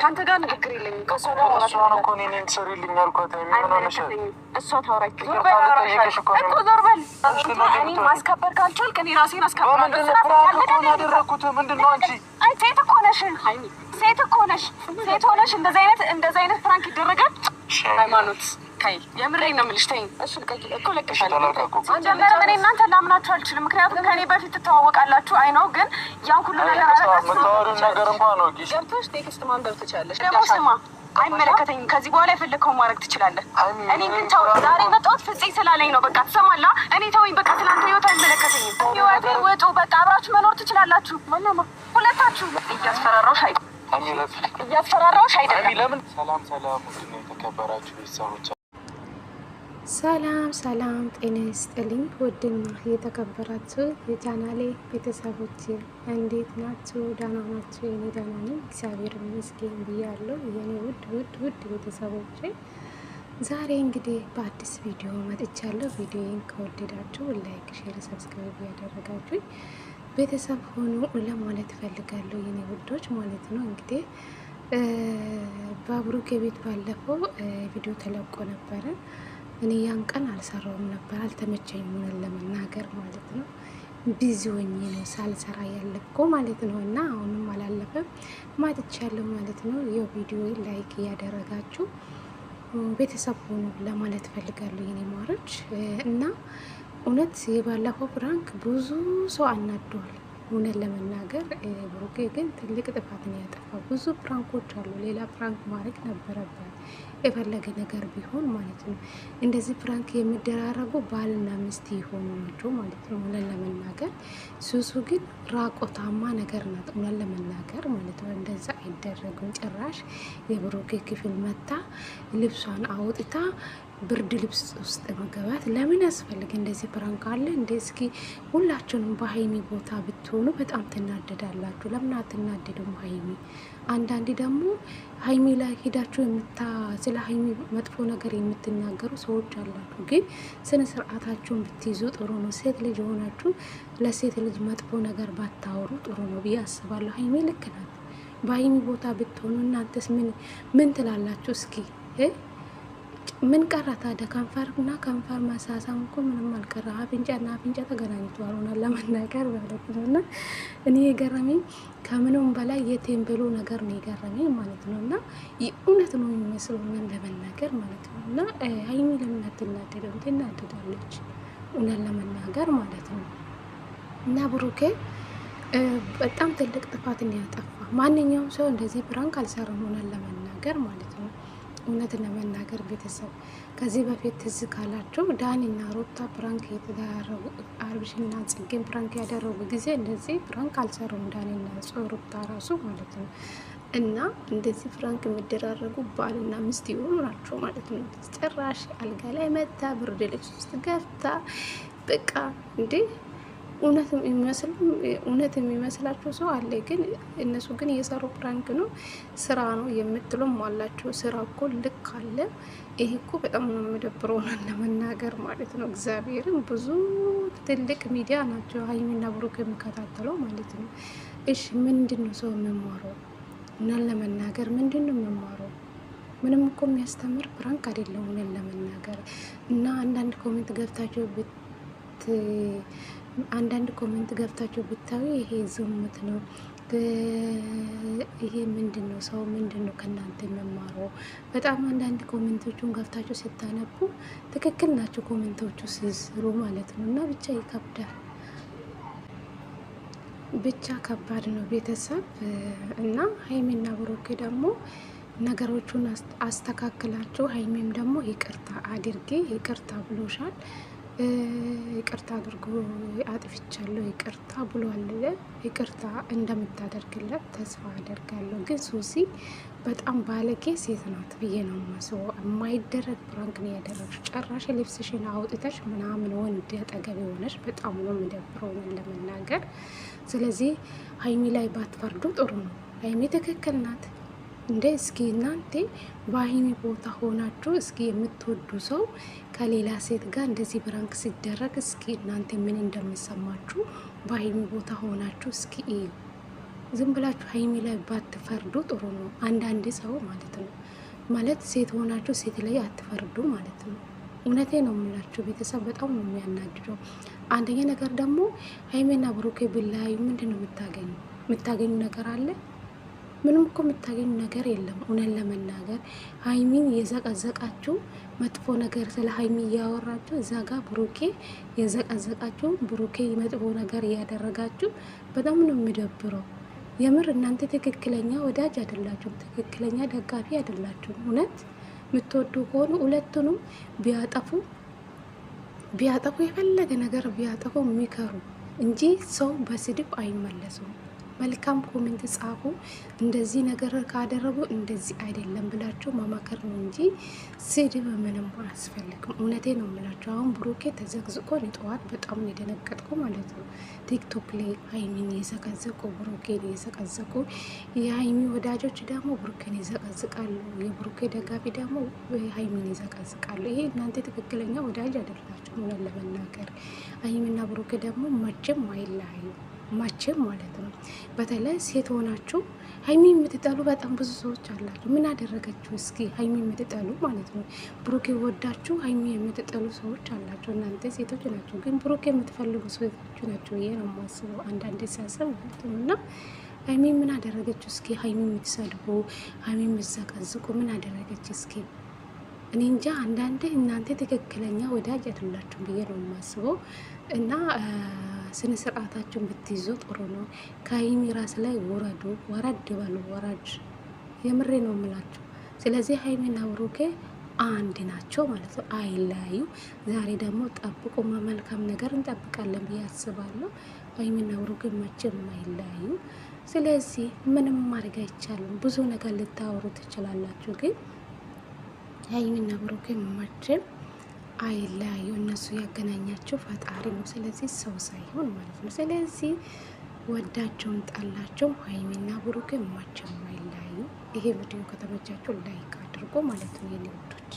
ከአንተ ጋር ንግግር የለኝም። ከእሷ ጋር እሷ ታውራኝ እኮ ዞር ማስከበር ካልቻልክ እኔ ራሴን አስከብራለሁ። ሴት እኮ ነሽ፣ ሴት እኮ ነሽ፣ ሴት ሆነሽ አይነት እንደዚህ አይነት ፍራንክ ይደረጋል ሃይማኖት ተይ፣ የምሬን ነው የምልሽ። ተይ እሱ እኮ ለቅሻለሁ። መጀመሪያ እኔ እናንተ ላምናችሁ አልችልም፣ ምክንያቱም ከኔ በፊት ትተዋወቃላችሁ። አይ ነው ግን ያን ሁሉ ነገር አረጋችሁ ነገር እንኳን ነው ገብቶሽ ቴክስት ማንበብ ትችላለሽ። ደግሞ ስማ አይመለከተኝም። ከዚህ በኋላ የፈለግከውን ማድረግ ትችላለህ። እኔ ግን ተው፣ ዛሬ መጣሁት ፍፄ ስላለኝ ነው። በቃ ትሰማለህ። እኔ ተወኝ፣ በቃ ስለአንተ ህይወት አይመለከተኝም። ህይወቴ ውጡ፣ በቃ አብራችሁ መኖር ትችላላችሁ ሁለታችሁ። እያስፈራራሁሽ አይደለም፣ እያስፈራራሁሽ አይደለም። ሰላም ሰላም፣ ውድና የተከበራችሁ ቤተሰቦች ሰላም ሰላም፣ ጤና ይስጥልኝ ውድና የተከበራችሁ የቻናሌ ቤተሰቦች እንዴት ናችሁ? ደህና ናችሁ? የኔ ደህና ነኝ እግዚአብሔር ይመስገን ብያለሁ። የኔ ውድ ውድ ውድ ቤተሰቦች ዛሬ እንግዲህ በአዲስ ቪዲዮ መጥቻለሁ። ቪዲዮን ከወደዳችሁ ላይክ፣ ሼር፣ ሰብስክራይብ ያደረጋችሁ ቤተሰብ ሆኑ ለማለት ፈልጋለሁ የኔ ውዶች ማለት ነው እንግዲህ በብሩክ ቤት ባለፈው ቪዲዮ ተለቆ ነበረ እኔ ያን ቀን አልሰራውም ነበር፣ አልተመቸኝ ሆነን ለመናገር ማለት ነው። ቢዚ ሆኜ ነው ሳልሰራ ያለቆ ማለት ነው። እና አሁንም አላለፈም ማጥቻለሁ ማለት ነው። ያው ቪዲዮ ላይክ እያደረጋችሁ ቤተሰብ ሆኑ ለማለት ፈልጋለሁ የኔ ማሮች እና እውነት የባለፈው ፕራንክ ብዙ ሰው አናደዋል። እውነት ለመናገር ብሩኬ ግን ትልቅ ጥፋትን ያጠፋ ብዙ ፕራንኮች አሉ። ሌላ ፕራንክ ማድረግ ነበረበት፣ የፈለገ ነገር ቢሆን ማለት ነው። እንደዚህ ፕራንክ የሚደራረጉ ባልና ሚስት የሆኑ ናቸው ማለት ነው። እውነት ለመናገር ሱሱ ግን ራቆታማ ነገር ናት። እውነት ለመናገር ማለት ነው። እንደዛ አይደረግም ጭራሽ። የብሩኬ ክፍል መታ ልብሷን አውጥታ ብርድ ልብስ ውስጥ መገባት ለምን ያስፈልግ? እንደዚህ ፕራንክ አለ እንደ እስኪ ሁላችሁንም በሀይሚ ቦታ ብትሆኑ በጣም ትናደዳላችሁ። ለምን አትናደዱም? ሀይሚ አንዳንዴ ደግሞ ሀይሚ ላይ ሄዳችሁ የምታ ስለ ሀይሚ መጥፎ ነገር የምትናገሩ ሰዎች አላችሁ። ግን ስነ ስርዓታችሁን ብትይዙ ጥሩ ነው። ሴት ልጅ የሆናችሁ ለሴት ልጅ መጥፎ ነገር ባታወሩ ጥሩ ነው ብዬ አስባለሁ። ሀይሚ ልክ ናት። በሀይሚ ቦታ ብትሆኑ እናንተስ ምን ምን ትላላችሁ? እስኪ ምን ቀረ ታዲያ? ከንፈር እና ከንፈር መሳሳም እኮ ምንም አልቀራ። አፍንጫ እና አፍንጫ ተገናኝተዋል ሆናል ለመናገር ማለት ነው። እና እኔ የገረመኝ ከምንም በላይ የቴምብሎ ነገር ነው የገረመኝ ማለት ነው። እና እውነት ነው የሚመስለው ለመናገር ማለት ነው። እና ሀይሚ ለምን አትናደደም? ትናደዳለች እውነት ለመናገር ማለት ነው። እና ብሩኬ በጣም ትልቅ ጥፋት ነው ማንኛውም ሰው እንደዚህ ብራንክ አልሰራም ሆናል ለመናገር ማለት ነው። እውነት ለመናገር ቤተሰብ ከዚህ በፊት ትዝ ካላቸው ዳኒና ሮታ ፕራንክ የተደረጉ አብርሽና ጽጌን ፕራንክ ያደረጉ ጊዜ እንደዚህ ፕራንክ አልሰሩም። ዳኒና ሮታ ራሱ ማለት ነው። እና እንደዚህ ፍራንክ የሚደራረጉ ባልና ሚስት የሆኑ ናቸው ማለት ነው። ጭራሽ አልጋ ላይ መታ ብርድ ልብስ ውስጥ ገብታ በቃ እንዴ እውነት የሚመስላቸው ሰው አለ። ግን እነሱ ግን እየሰሩ ፕራንክ ነው ስራ ነው የምትሉም አላቸው። ስራ እኮ ልክ አለ። ይሄ እኮ በጣም ነው የሚደብረው ለመናገር ማለት ነው። እግዚአብሔርን ብዙ ትልቅ ሚዲያ ናቸው ሀይሚና ብሩክ የሚከታተለው ማለት ነው። እሺ ምንድን ነው ሰው የሚማረው? እውነት ለመናገር ምንድን ነው የሚማረው? ምንም እኮ የሚያስተምር ፕራንክ አይደለም እውነት ለመናገር እና አንዳንድ ኮሜንት ገብታቸው አንዳንድ ኮሜንት ገብታችሁ ብታዩ ይሄ ዝሙት ነው፣ ይሄ ምንድን ነው? ሰው ምንድን ነው ከእናንተ የመማረው? በጣም አንዳንድ ኮሜንቶቹን ገብታችሁ ስታነቡ ትክክል ናቸው ኮሜንቶቹ ሲስሩ ማለት ነው። እና ብቻ ይከብዳል። ብቻ ከባድ ነው ቤተሰብ እና ሀይሜና ብሮኬ ደግሞ ነገሮቹን አስተካክላቸው። ሀይሜም ደግሞ ይቅርታ አድርጌ ይቅርታ ብሎሻል። ይቅርታ አድርጎ አጥፍቻለሁ ይቅርታ ብሏል። ይቅርታ እንደምታደርግለት ተስፋ አደርጋለሁ። ግን ሱሲ በጣም ባለጌ ሴት ናት ብዬ ነው ማስቦ። የማይደረግ ፕራንክ ነው ያደረግሽ። ጨራሽ ልብስሽን አውጥተሽ ምናምን ወንድ አጠገብ የሆነሽ በጣም ነው የሚደብረው ለመናገር። ስለዚህ ሀይሚ ላይ ባትፈርዱ ጥሩ ነው። ሀይሚ ትክክል ናት። እንደ እስኪ እናንተ በሀይሚ ቦታ ሆናችሁ እስኪ የምትወዱ ሰው ከሌላ ሴት ጋር እንደዚህ ብራንክ ሲደረግ እስኪ እናንተ ምን እንደምሰማችሁ በሀይሚ ቦታ ሆናችሁ እስኪ እዩ። ዝም ብላችሁ ሀይሚ ላይ ባትፈርዱ ጥሩ ነው። አንዳንድ ሰው ማለት ነው ማለት ሴት ሆናችሁ ሴት ላይ አትፈርዱ ማለት ነው። እውነቴ ነው የምላችሁ ቤተሰብ በጣም ነው የሚያናድደው። አንደኛ ነገር ደግሞ ሀይሜና ብሩኬ ብላዩ ምንድን ነው የምታገኙ የምታገኙ ነገር አለ ምንም እኮ የምታገኙ ነገር የለም። እውነን ለመናገር ሀይሚን የዘቀዘቃችሁ መጥፎ ነገር ስለ ሀይሚ እያወራችሁ እዛ ጋ ብሩኬ የዘቀዘቃችሁ ብሩኬ መጥፎ ነገር እያደረጋችሁ በጣም ነው የሚደብረው። የምር እናንተ ትክክለኛ ወዳጅ አይደላችሁም፣ ትክክለኛ ደጋፊ አይደላችሁም። እውነት የምትወዱ ከሆኑ ሁለቱንም ቢያጠፉ ቢያጠፉ የፈለገ ነገር ቢያጠፉ የሚከሩ እንጂ ሰው በስድብ አይመለሱም። መልካም ኮሜንት ጻፉ። እንደዚህ ነገር ካደረጉ እንደዚህ አይደለም ብላችሁ መመከር ነው እንጂ ስድብ ምንም አያስፈልግም። እውነቴ ነው የምላችሁ። አሁን ብሩኬ ተዘግዝቆ ጠዋት በጣም የደነገጥኩ ማለት ነው። ቲክቶክ ላይ ሀይሚን የዘቀዘቁ ብሩኬን የዘቀዘቁ የሀይሚ ወዳጆች ደግሞ ብሩኬን ይዘቀዝቃሉ፣ የብሩኬ ደጋፊ ደግሞ ሀይሚን ይዘቀዝቃሉ። ይሄ እናንተ ትክክለኛ ወዳጅ አይደላችሁ። ሆነ ለመናገር ሀይሚና ብሩኬ ደግሞ መቼም አይለያዩ። ማችም ማለት ነው። በተለይ ሴት ሆናችሁ ሀይሚ የምትጠሉ በጣም ብዙ ሰዎች አላችሁ። ምን አደረገችው? እስኪ ሀይሚ የምትጠሉ ማለት ነው። ብሩክ ወዳችሁ ሀይሚ የምትጠሉ ሰዎች አላችሁ። እናንተ ሴቶች ናቸው፣ ግን ብሩክ የምትፈልጉ ሴቶች ናቸው። ይሄ ነው የማስበው አንዳንዴ ሲያሰብ ማለት ነው እና ሀይሚ ምን አደረገች? እስኪ ሀይሚ የምትሰድቡ ሀይሚ የምትዘቀዝቁ ምን አደረገች? እስኪ እኔ እንጃ። አንዳንዴ እናንተ ትክክለኛ ወዳጅ አይደላችሁ ብዬ ነው የማስበው እና ስነ ስርዓታችሁን ብትይዙ ጥሩ ነው። ከሀይሚ ራስ ላይ ውረዱ፣ ወረድ በሉ፣ ወረድ። የምሬ ነው የምላቸው ስለዚህ ሀይሚና ብሩኬ አንድ ናቸው ማለት ነው፣ አይለያዩ። ዛሬ ደግሞ ጠብቁ፣ መልካም ነገር እንጠብቃለን ብዬ አስባለሁ። ሀይሚና ብሩኬ መቼም አይለያዩ። ስለዚህ ምንም ማድረግ አይቻልም። ብዙ ነገር ልታወሩ ትችላላችሁ፣ ግን ሀይሚና ብሩኬ መቼም አይለያዩ እነሱ ያገናኛቸው ፈጣሪ ነው። ስለዚህ ሰው ሳይሆን ማለት ነው። ስለዚህ ወዳቸውም ጣላቸውም ሀይሚና ብሩኬ መቼም አይለያዩ። ይሄ ቪዲዮ ከተመቻቸው ላይክ አድርጎ ማለት ነው የኔ ወዶች